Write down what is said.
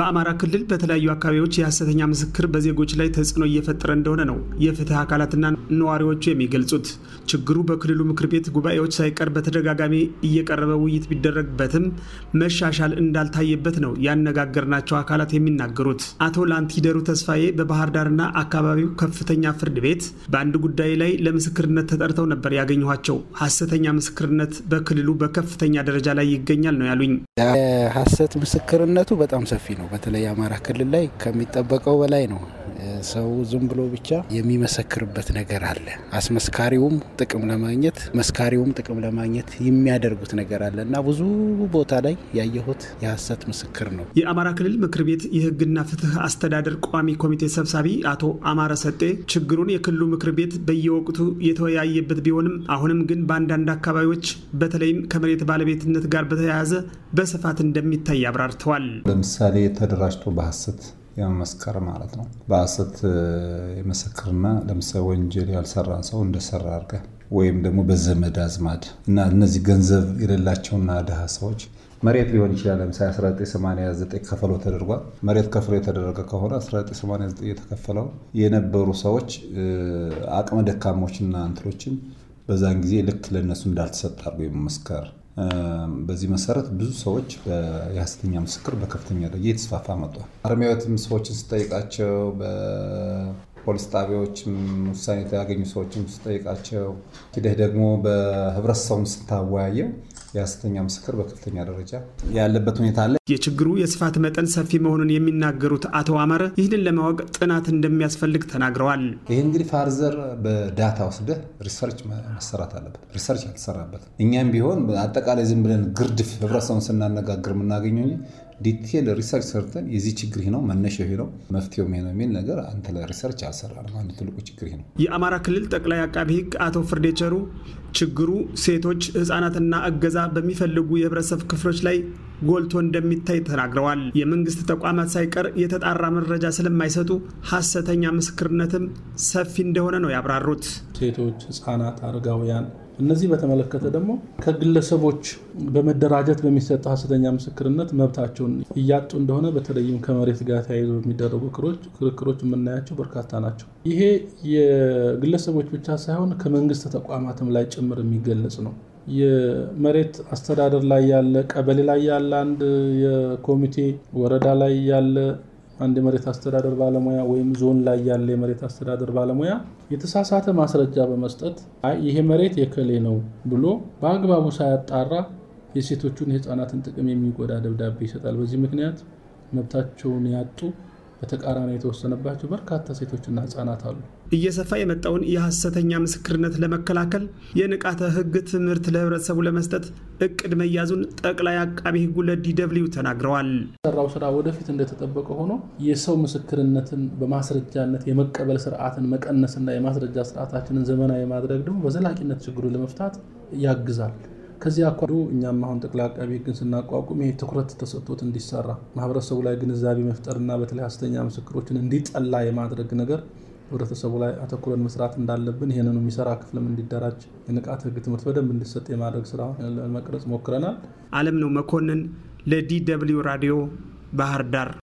በአማራ ክልል በተለያዩ አካባቢዎች የሐሰተኛ ምስክር በዜጎች ላይ ተጽዕኖ እየፈጠረ እንደሆነ ነው የፍትህ አካላትና ነዋሪዎቹ የሚገልጹት። ችግሩ በክልሉ ምክር ቤት ጉባኤዎች ሳይቀር በተደጋጋሚ እየቀረበ ውይይት ቢደረግበትም መሻሻል እንዳልታየበት ነው ያነጋገርናቸው አካላት የሚናገሩት። አቶ ላንቲደሩ ተስፋዬ በባህር ዳርና አካባቢው ከፍተኛ ፍርድ ቤት በአንድ ጉዳይ ላይ ለምስክርነት ተጠርተው ነበር ያገኘኋቸው። ሐሰተኛ ምስክርነት በክልሉ በከፍተኛ ደረጃ ላይ ይገኛል ነው ያሉኝ። የሐሰት ምስክርነቱ በጣም ሰፊ ነው። በተለይ አማራ ክልል ላይ ከሚጠበቀው በላይ ነው። ሰው ዝም ብሎ ብቻ የሚመሰክርበት ነገር አለ። አስመስካሪውም ጥቅም ለማግኘት መስካሪውም ጥቅም ለማግኘት የሚያደርጉት ነገር አለ እና ብዙ ቦታ ላይ ያየሁት የሀሰት ምስክር ነው። የአማራ ክልል ምክር ቤት የህግና ፍትህ አስተዳደር ቋሚ ኮሚቴ ሰብሳቢ አቶ አማረ ሰጤ ችግሩን የክልሉ ምክር ቤት በየወቅቱ የተወያየበት ቢሆንም አሁንም ግን በአንዳንድ አካባቢዎች በተለይም ከመሬት ባለቤትነት ጋር በተያያዘ በስፋት እንደሚታይ አብራርተዋል። ለምሳሌ ተደራጅቶ በሐሰት የመመስከር ማለት ነው። በሐሰት የመሰክርና ለምሳሌ ወንጀል ያልሰራን ሰው እንደሰራ አድርገህ ወይም ደግሞ በዘመድ አዝማድ እና እነዚህ ገንዘብ የሌላቸውና ድሀ ሰዎች መሬት ሊሆን ይችላል። ለምሳሌ 1989 ከፈሎ ተደርጓል። መሬት ከፍሎ የተደረገ ከሆነ 1989 የተከፈለው የነበሩ ሰዎች አቅመ ደካሞችና እንትሎችን በዛን ጊዜ ልክ ለእነሱ እንዳልተሰጥ አድርጎ የመመስከር በዚህ መሰረት ብዙ ሰዎች የሐሰተኛ ምስክር በከፍተኛ ደረጃ የተስፋፋ መጥቷል። አርሚያ ሰዎችን ስጠይቃቸው፣ በፖሊስ ጣቢያዎችም ውሳኔ የተያገኙ ሰዎችን ስጠይቃቸው፣ ሂደህ ደግሞ በህብረተሰቡም ስታወያየው የሐሰተኛ ምስክር በከፍተኛ ደረጃ ያለበት ሁኔታ አለ። የችግሩ የስፋት መጠን ሰፊ መሆኑን የሚናገሩት አቶ አማረ ይህንን ለማወቅ ጥናት እንደሚያስፈልግ ተናግረዋል። ይህ እንግዲህ ፋርዘር በዳታ ወስደህ ሪሰርች መሰራት አለበት። ሪሰርች አልተሰራበት። እኛም ቢሆን አጠቃላይ ዝም ብለን ግርድፍ ህብረተሰቡን ስናነጋግር የምናገኘው ዲቴል ሪሰርች ሰርተን የዚህ ችግር ነው መነሻ ይሄ ነው መፍትሄው ነው የሚል ነገር አንተ ላይ ሪሰርች አንድ ትልቁ ችግር ይሄ ነው። የአማራ ክልል ጠቅላይ አቃቢ ህግ አቶ ፍርዴቸሩ ችግሩ ሴቶች ህጻናትና እገዛ በሚፈልጉ የህብረተሰብ ክፍሎች ላይ ጎልቶ እንደሚታይ ተናግረዋል። የመንግስት ተቋማት ሳይቀር የተጣራ መረጃ ስለማይሰጡ ሀሰተኛ ምስክርነትም ሰፊ እንደሆነ ነው ያብራሩት። ሴቶች፣ ህጻናት፣ አረጋውያን እነዚህ በተመለከተ ደግሞ ከግለሰቦች በመደራጀት በሚሰጠው ሀሰተኛ ምስክርነት መብታቸውን እያጡ እንደሆነ በተለይም ከመሬት ጋር ተያይዞ የሚደረጉ ክርክሮች የምናያቸው በርካታ ናቸው። ይሄ የግለሰቦች ብቻ ሳይሆን ከመንግስት ተቋማትም ላይ ጭምር የሚገለጽ ነው። የመሬት አስተዳደር ላይ ያለ፣ ቀበሌ ላይ ያለ አንድ የኮሚቴ ወረዳ ላይ ያለ አንድ የመሬት አስተዳደር ባለሙያ ወይም ዞን ላይ ያለ የመሬት አስተዳደር ባለሙያ የተሳሳተ ማስረጃ በመስጠት ይሄ መሬት የከሌ ነው ብሎ በአግባቡ ሳያጣራ የሴቶቹን የህፃናትን ጥቅም የሚጎዳ ደብዳቤ ይሰጣል። በዚህ ምክንያት መብታቸውን ያጡ በተቃራኒ የተወሰነባቸው በርካታ ሴቶችና ህጻናት አሉ። እየሰፋ የመጣውን የሐሰተኛ ምስክርነት ለመከላከል የንቃተ ህግ ትምህርት ለህብረተሰቡ ለመስጠት እቅድ መያዙን ጠቅላይ አቃቢ ህጉ ለዲደብሊው ተናግረዋል። ሰራው ስራ ወደፊት እንደተጠበቀ ሆኖ የሰው ምስክርነትን በማስረጃነት የመቀበል ስርዓትን መቀነስና የማስረጃ ስርዓታችንን ዘመናዊ ማድረግ ደግሞ በዘላቂነት ችግሩን ለመፍታት ያግዛል። ከዚህ አኳዶ እኛም አሁን ጠቅላይ አቃቢ ሕግን ስናቋቁም ይህ ትኩረት ተሰጥቶት እንዲሰራ ማህበረሰቡ ላይ ግንዛቤ መፍጠርና በተለይ ሐሰተኛ ምስክሮችን እንዲጠላ የማድረግ ነገር ህብረተሰቡ ላይ አተኩረን መስራት እንዳለብን ይህንኑ የሚሰራ ክፍልም እንዲደራጅ የንቃት ህግ ትምህርት በደንብ እንዲሰጥ የማድረግ ስራ ለመቅረጽ ሞክረናል። አለም ነው መኮንን ለዲ ደብልዩ ራዲዮ ባህር ዳር